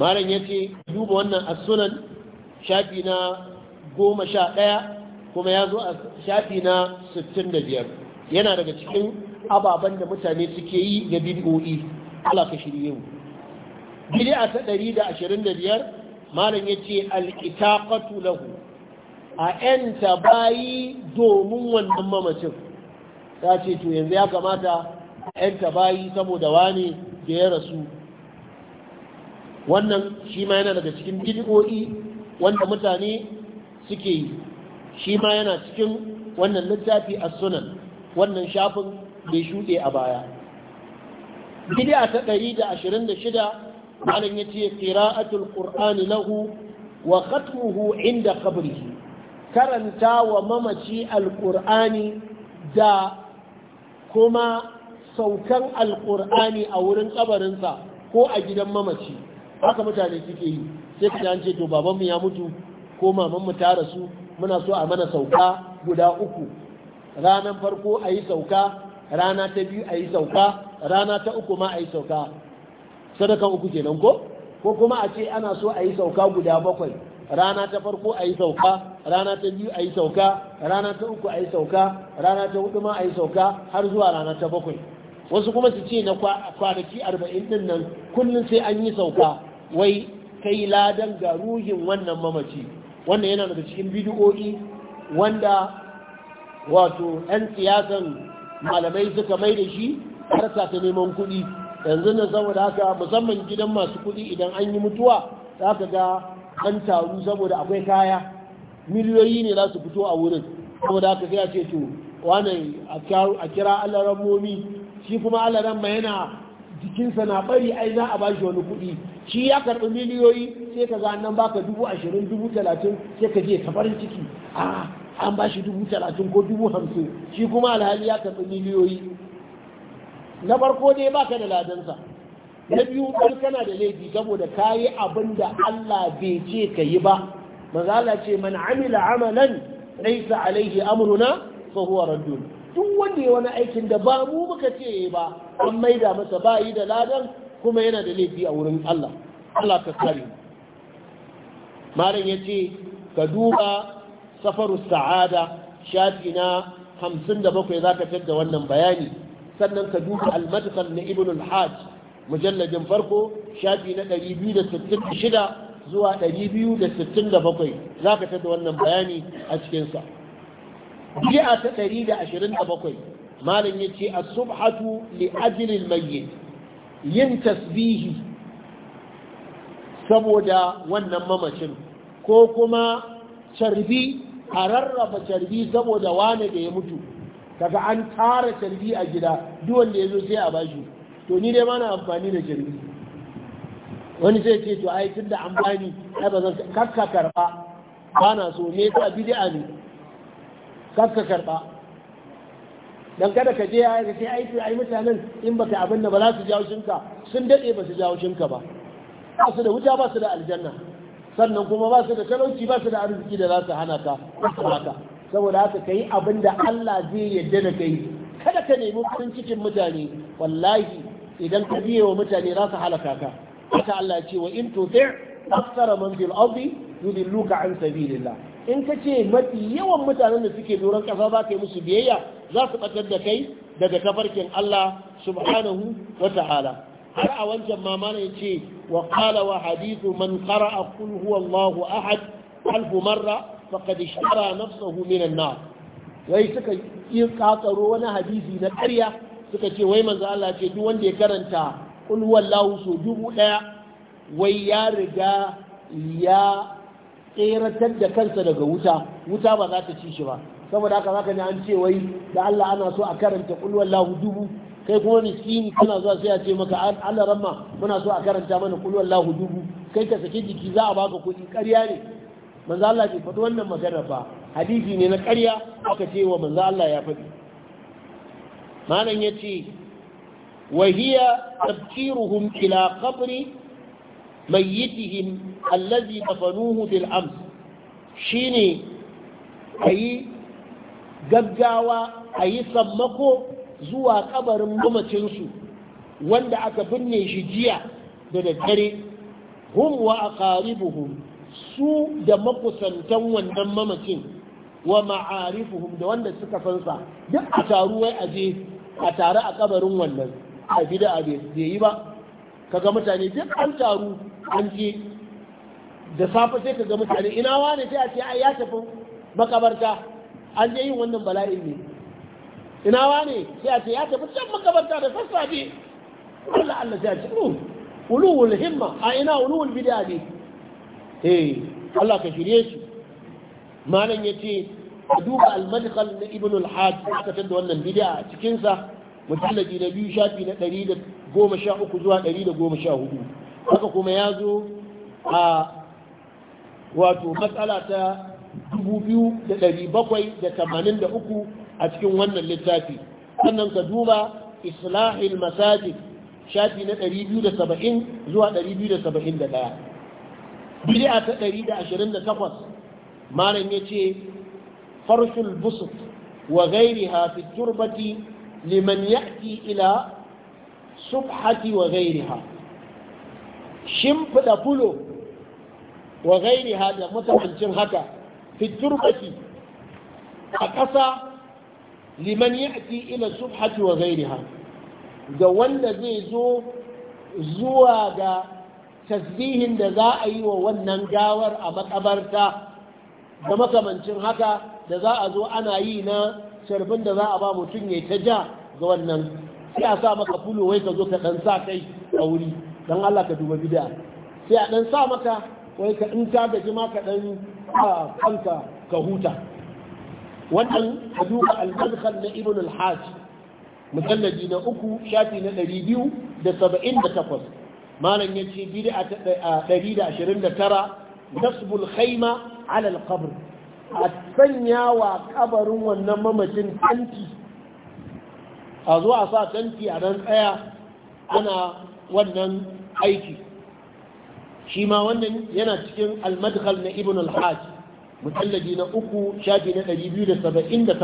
Maran yake duba wannan as-sunan shafi na goma sha ɗaya kuma ya zo a shafi na 65 yana daga cikin ababen da mutane suke yi da bid'o'i ala ka shirye mu bid'a ta 125 malam yace ce al'itaƙatu lahu a yanta bayi domin wannan mamacin ta ce to yanzu ya kamata a yanta bayi saboda wani da ya rasu wannan shi ma yana daga cikin bid'o'i wanda mutane suke yi shi ma yana cikin wannan littafi a sunan wannan shafin bai shuɗe a baya bid'a ta ɗari 126 malam yace qira'atul Ƙur'ani lahu wa khatmuhu inda kabri karanta wa mamaci Al-ƙur'ani da kuma saukan ƙurani a wurin ƙabarinsa ko a gidan mamaci haka mutane suke yi sai kaje ce to babanmu ya mutu ko mamanmu ta rasu muna so a mana sauka guda uku ranar farko a yi sauka rana ta biyu a yi sauka rana ta uku ma a yi sauka sadakan uku kenan ko ko kuma a ce ana so a yi sauka guda bakwai rana ta farko a yi sauka rana ta biyu a yi sauka rana ta uku a yi sauka rana ta hudu ma a yi sauka har zuwa rana ta bakwai wasu kuma su ce na kwanaki arba'in din nan kullum sai an yi sauka wai kai ladan ga ruhin wannan mamaci wannan yana daga cikin bidiyo'i wanda wato 'yan siyasan malamai suka mai da shi harka ta neman kuɗi yanzu na saboda haka musamman gidan masu kuɗi idan an yi mutuwa za ka ga an taru saboda akwai kaya miliyoyi ne za su fito a wurin saboda haka sai a ce to wane a kira allaran momi shi kuma allaran yana jikinsa na bari ai za a ba shi wani kuɗi shi ya karɓi miliyoyi sai ka ga nan baka dubu ashirin dubu talatin sai ka je ka farin ciki a an ba shi dubu talatin ko dubu hamsin shi kuma alhali ya karɓi miliyoyi na farko dai baka da ladansa na biyu ɗan kana da laifi saboda ka yi abin da Allah bai ce ka yi ba mazala ce man amila amalan laisa alaihi amruna fa huwa raddun duk wanda ya wani aikin da ba mu muka ce ba an maida masa ba yi da ladan kuma yana da laifi a wurin Allah Allah ka kare malam yace ka duba safaru sa'ada shafi na za ka tada wannan bayani sannan ka duba al na ibn al-hajj mujalladin farko shafi na 266 zuwa 267 ka tada wannan bayani a cikinsa. sa Jiya ta ɗari da ashirin da bakwai malam ya ce a subhatu li ajilin mayyit yin tasbihi saboda wannan mamacin ko kuma carbi a rarrafa carbi saboda wane da ya mutu kaga an tara carbi a gida duwanda ya zo sai a bashi to ni dai mana amfani da carbi wani zai ce to ai tun da an bani ai ba zan kakka karba ba na so ne ta bid'a ne Ka karɓa don kada ka je ya yi sai aiki ai mutanen in baka abin da ba za su jawo shinka sun daɗe ba su jawo shinka ba ba su da wuta ba su da aljanna sannan kuma ba su da talauci ba su da arziki da za su hana ka haka saboda haka ka yi abin da Allah zai yadda da kai kada ka nemi farin cikin mutane wallahi idan ka biye wa mutane za su halaka ka haka Allah ya ce wa in tuti' aktsara man fil ardi yudilluka an sabilillah in ka ce mafi yawan mutanen da suke doron ƙasa ba ka yi musu biyayya za su ɓatar da kai daga tafarkin Allah subhanahu wa ta'ala har a wancan mama ya ce wa qala wa hadithu man qara'a qul ahad alf marra faqad ishtara nafsuhu min an wai suka yi kakaro wani hadisi na ƙarya suka ce wai manzo Allah ce duk wanda ya karanta qul huwallahu so dubu ɗaya. wai ya riga ya tseratar da kansa daga wuta wuta ba za ta ci shi ba saboda haka zaka ne an ce wai da Allah ana so a karanta kul wallahu dubu kai kuma ni kana zuwa sai a ce maka Allah ramma muna so a karanta mana kul wallahu dubu kai ka saki jiki za a baka kuɗi ƙarya ne manzo Allah bai faɗi wannan magana ba hadisi ne na ƙarya aka ce wa manzo Allah ya faɗi malam yace wa hiya tabkiruhum ila qabri mayyitihim allazi dafanuhu bil ams shine ayi gaggawa ayi sammako zuwa kabarin mamacinsu wanda aka binne shi jiya da daddare hum wa aqaribuhum su da makusantan wannan mamacin wa ma'arifuhum da wanda suka sansa duk a taru wai aje a taru a kabarin wannan a abin, bai yi ba kaga mutane duk an taru an ce da safe sai ka ga mutane ina wane sai a ce ai ya tafi makabarta an je yin wannan bala'in ne ina wane sai a ce ya tafi can makabarta da sassafe Allah Allah sai a ce oh ulul himma a ina ulul bid'a ne eh Allah ka shirye shi? malam ya ce a duba al na ibn al-had aka tada wannan bid'a a cikin sa mutallaji na biyu shafi na 113 zuwa 114 haka kuma ya zo a wato matsala ta 2783 a cikin wannan littafi sannan ka duba islahil masajid shafi na 270 zuwa 271 bid'a ta 128 malam ya ce farshul busuf wa ghayriha fi turbati liman ya'ti ila subhati wa ghayriha shimfiɗa fulo wa gairi hada makamancin haka fiturbati a ƙasa liman ya'ti ila subhati wa gairiha ga wanda zai zo zuwa ga tasbihin da za a yi wa wannan gawar a makabarta da makamancin haka da za a zo ana yi na sharbin da za a ba mutum ya ta ja ga wannan sai a sa maka fulo wai ka zo ka dan sa kai a wuri dan Allah ka duba bid'a sai a dan sa maka wai ka in ta gaji ma ka a ah, kanka ka huta wannan ka duba al-madkhal na ibn al-hajj mujalladi na uku shafi na 278 malam yace bid'a ta 129 nasbul khayma ala al-qabr a sanya wa kabarin wannan mamacin fanti. a zuwa sa fanti a dan tsaya ana wannan aiki shi ma wannan yana cikin almadhal na ibn al-hajj mutallabi na uku shafi na 278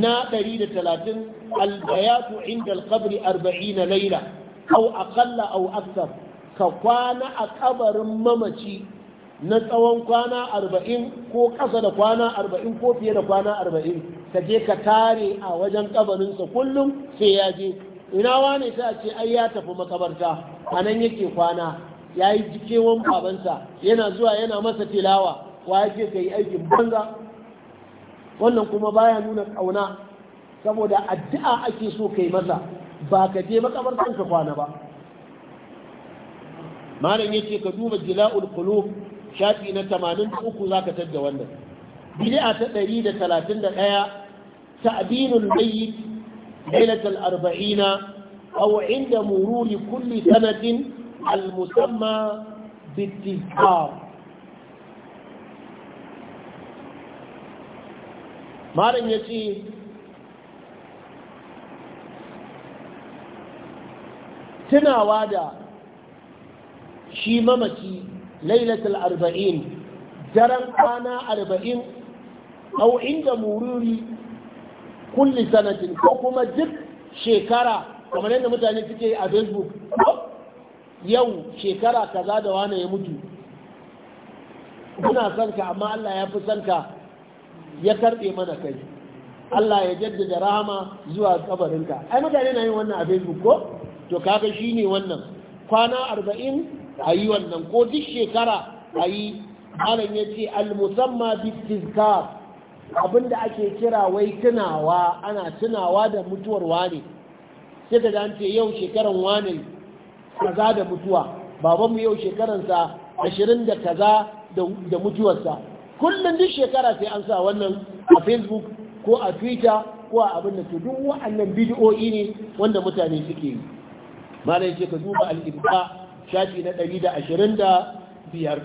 na 130 albayatu inda alkabri 40 laila au akalla au aksar ka kwana a kabarin mamaci na tsawon kwana arba'in ko ƙasa da kwana arba'in ko fiye da kwana arba'in ka je ka tare a wajen kabarinsa kullum sai ya je ina wane sai a ce ai ya tafi makabarta a nan yake kwana ya yi babansa yana zuwa yana masa tilawa wa yake ka yi aikin banza wannan kuma baya nuna ƙauna saboda addu'a ake so kai masa ba ka je makabartan ka kwana ba malam yace ka duba jila'ul qulub shafi na 83 zaka tadda wannan bid'a ta 131 ta'dinul mayyit ليلة الأربعين أو عند مرور كل سنة المسمى بالتذكار malam ya ce tunawa da shi mamaci, lailatul arba'in daren kwana arba'in au inda mururi kulli sanatin ko kuma duk shekara kamar yadda mutane suke a facebook yau shekara kaza da wane ya mutu kuna son ka amma Allah ya fi son ka ya karɓe mana kai Allah ya jaddada rahama zuwa kabarinka ai mutane na yin wannan a facebook ko to kaga shine wannan kwana arba'in a yi wannan ko duk shekara a yi malam ya ce almusamma bi tizkar abin da ake kira wai tunawa ana tunawa da mutuwar wane sai ka dance yau shekaran wane kaza da mutuwa babanmu yau shekaransa ashirin da kaza da mutuwarsa kullum duk shekara sai an sa wannan a facebook ko a twitter ko a abin da to duk wa'annan bidiyo'i ne wanda mutane suke yi malai ce ka duba al'ibba shafi na ɗari da ashirin da biyar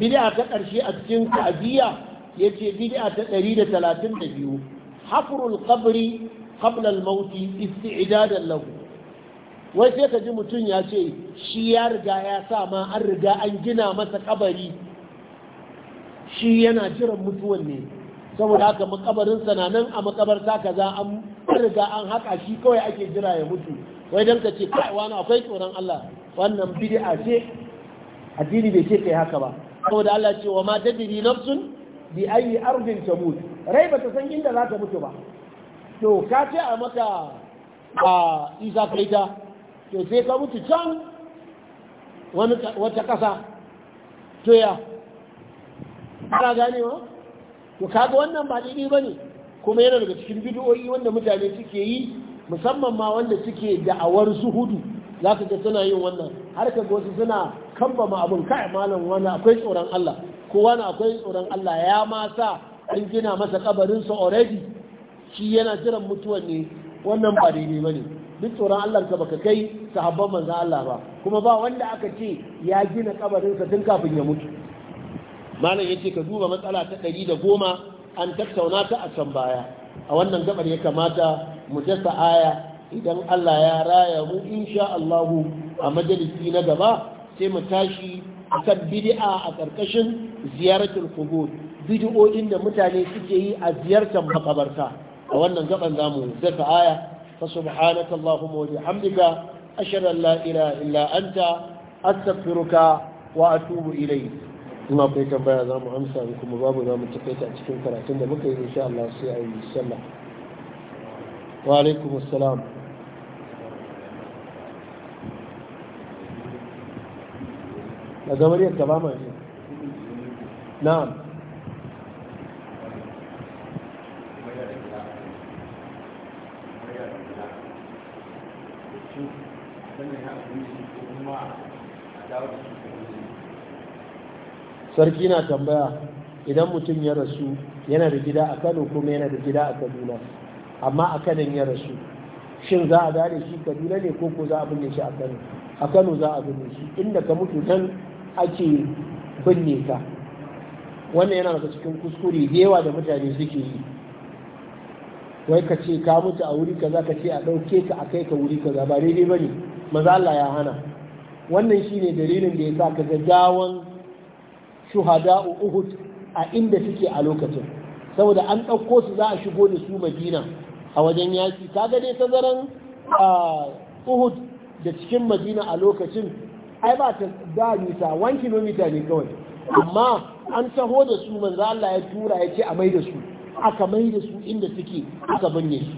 ta ƙarshe a cikin ta'aziyya ya ce bid'a ta biyu hafrul qabri qabla al-maut isti'dadan lahu wai sai ka ji mutum ya ce shi ya riga ya sa ma an riga an gina masa kabari shi yana jiran mutuwan ne saboda haka makabarinsa na nan a makabarta kaza an riga an haka shi kawai ake jira ya mutu wai dan ka ce kai wani akwai tsoron Allah wannan bid'a ce addini bai ce kai haka ba saboda Allah ce wa ma dadiri nafsun bi ayi ardin tamut rai ba ta san inda za ta mutu ba to ka ce a maka a isa kaita to sai ka mutu can wata ƙasa to ya ana wa to kaga wannan ba daidai ba ne kuma yana daga cikin bidiyoyi wanda mutane suke yi musamman ma wanda suke da'awar hudu. za ka ga suna yin wannan har ka wasu suna kambama abin kai malam wani akwai tsoron Allah kowa na akwai tsoron Allah ya ma sa an gina masa kabarinsa already shi yana jiran mutuwan ne wannan ba daidai ba ne duk tsoron Allah ka baka kai sahabban manzo Allah ba kuma ba wanda aka ce ya gina kabarinsa tun kafin ya mutu malam yace ka duba matsala ta ɗari da goma an tattauna ta a can baya a wannan gabar ya kamata mu dasa aya idan Allah ya raya mu insha Allah a majalisi na gaba sai mu tashi akan bidi'a a ƙarƙashin ziyaratul qubur bidi'o'in da mutane suke yi a ziyartar makabarta a wannan gaban zamu zaka aya fa subhanaka allahumma wa bihamdika ashhadu an la ilaha illa anta astaghfiruka wa atubu ilayk kuma tambaya za mu amsa in kuma babu za mu takaita a cikin karatun da muka yi insha Allah sai a yi sallah wa alaikumus salam daga ba Na. sarki na tambaya idan mutum ya rasu yana da gida a kano kuma yana da gida a kaduna amma a kanan ya rasu shin za a gane shi kaduna ne ko ko za a binne shi a kano a kano za a binne shi inda ka mutu nan ake binne ka wannan yana daga cikin kuskure da yawa da mutane suke yi wai ka ce ka mutu a wuri kaza ka ce a ɗauke ka a kai ka wuri kaza ba daidai ba ne maza Allah ya hana wannan shine dalilin da ya sa ka ga gawan shuhada uhud a inda suke a lokacin saboda an ɗauko su za a shigo da su madina a wajen ka ga dai tazaran ah, uhud da cikin madina a lokacin ai ba ta da nisa 1 kilomita ne kawai amma an taho da su manzo Allah ya tura ya ce a mai da su aka mai da su inda suke aka binne su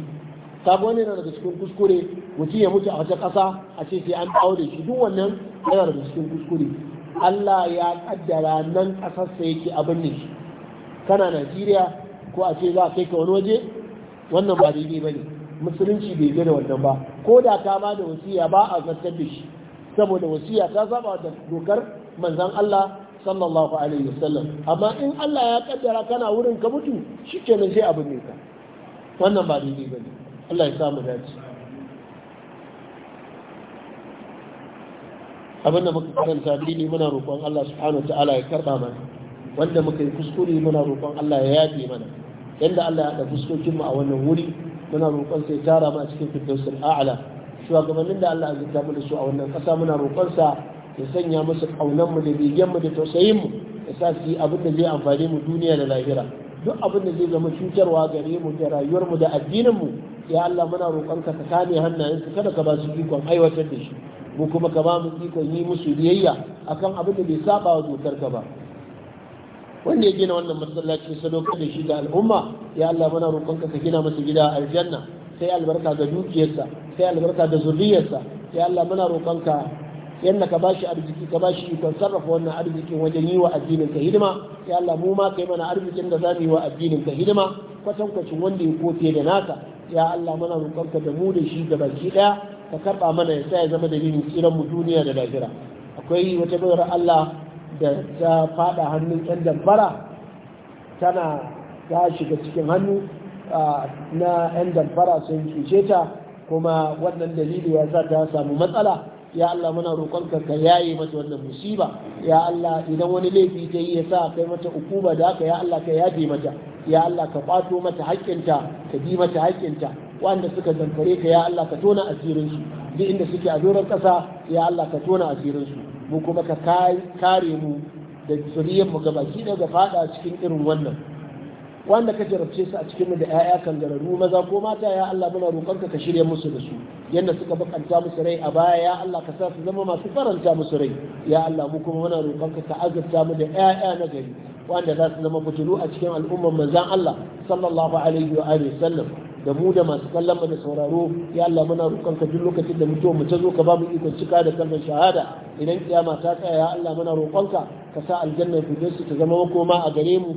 kaga wani daga cikin kuskure mutum ya mutu a wata ƙasa a ce sai an dawo da shi duk wannan yana daga cikin kuskure Allah ya kaddara nan ƙasarsa yake a binne shi kana Najeriya ko a ce za a kai ka wani waje wannan ba daidai bane musulunci bai da wannan ba ko da ka ba da wasiya ba a zartar da shi saboda wasiya ta saba da dokar manzan Allah sallallahu alaihi wasallam amma in Allah ya kaddara kana wurin ka mutu shikenan sai abin ne ka wannan ba daidai ne. Allah ya samu dace abin da muka karanta dini muna roƙon Allah subhanahu ta'ala ya karba mana wanda muka yi kuskure muna roƙon Allah ya yafe mana yanda Allah ya haɗa fuskokin mu a wannan wuri muna roƙon sai tara mu a cikin firdausul a'la shugabannin da Allah azurta mu su a wannan ƙasa muna roƙonsa ya sanya musu ƙaunar mu da begen mu da tausayin mu ya sa su yi abin da zai amfani mu duniya da lahira duk abin da zai zama cutarwa gare mu da rayuwar mu da addinin mu ya Allah muna roƙonka ka kame hannayen su kada ka ba su ikon aiwatar da shi mu kuma ka ba mu ikon yi musu biyayya akan abin da bai saba wa dokar ka ba wanda ya gina wannan masallaci sadaukar da shi da al'umma ya Allah muna roƙonka ka gina masa gida aljanna sai albarka ga dukiyarsa sai albarka da zurriyarsa sai Allah muna roƙonka yanda ka bashi arziki ka bashi ikon sarrafa wannan arzikin wajen yi wa addinin ka hidima Sai Allah mu ma kai mana arzikin da za mu yi wa addinin ka hidima kwatankwacin wanda ya kofe da naka ya Allah muna roƙonka da mu da shi da baki ɗaya ka karɓa mana ya sa ya zama dalilin tsiran mu duniya da lahira akwai wata bayar Allah da ta faɗa hannun ƴan dambara tana ta shiga cikin hannu na 'yan damfara sun cuce ta kuma wannan dalili ya sa ta samu matsala ya Allah muna roƙonka ka yaye mata wannan musiba ya Allah idan wani laifi ta yi ya sa kai mata ukuba da haka ya Allah ka yafe mata ya Allah ka kwato mata haƙƙinta ka bi mata haƙƙinta wanda suka zamfare ka ya Allah ka tona asirin su duk inda suke a doron ƙasa ya Allah ka tona asirin su mu kuma ka kare mu da zuriyar mu gabaki daga fada cikin irin wannan wanda ka jarabce su a cikin da 'ya'ya kangararru maza ko mata ya Allah muna roƙonka ka shirya musu da su yanda suka bakanta musu rai a baya ya Allah ka sa su zama masu faranta musu rai ya Allah mu kuma muna roƙonka ka azurta mu da 'ya'ya na gari wanda za su zama fitilu a cikin al'ummar manzan Allah sallallahu alaihi wa alihi sallam da mu da masu kallon da sauraro ya Allah muna roƙon ka duk lokacin da mutuwa mu ta zo ka ba mu ikon cika da kalmar shahada idan kiyama ta tsaya ya Allah muna roƙon ka ka sa aljannar firdausi ta zama makoma a gare mu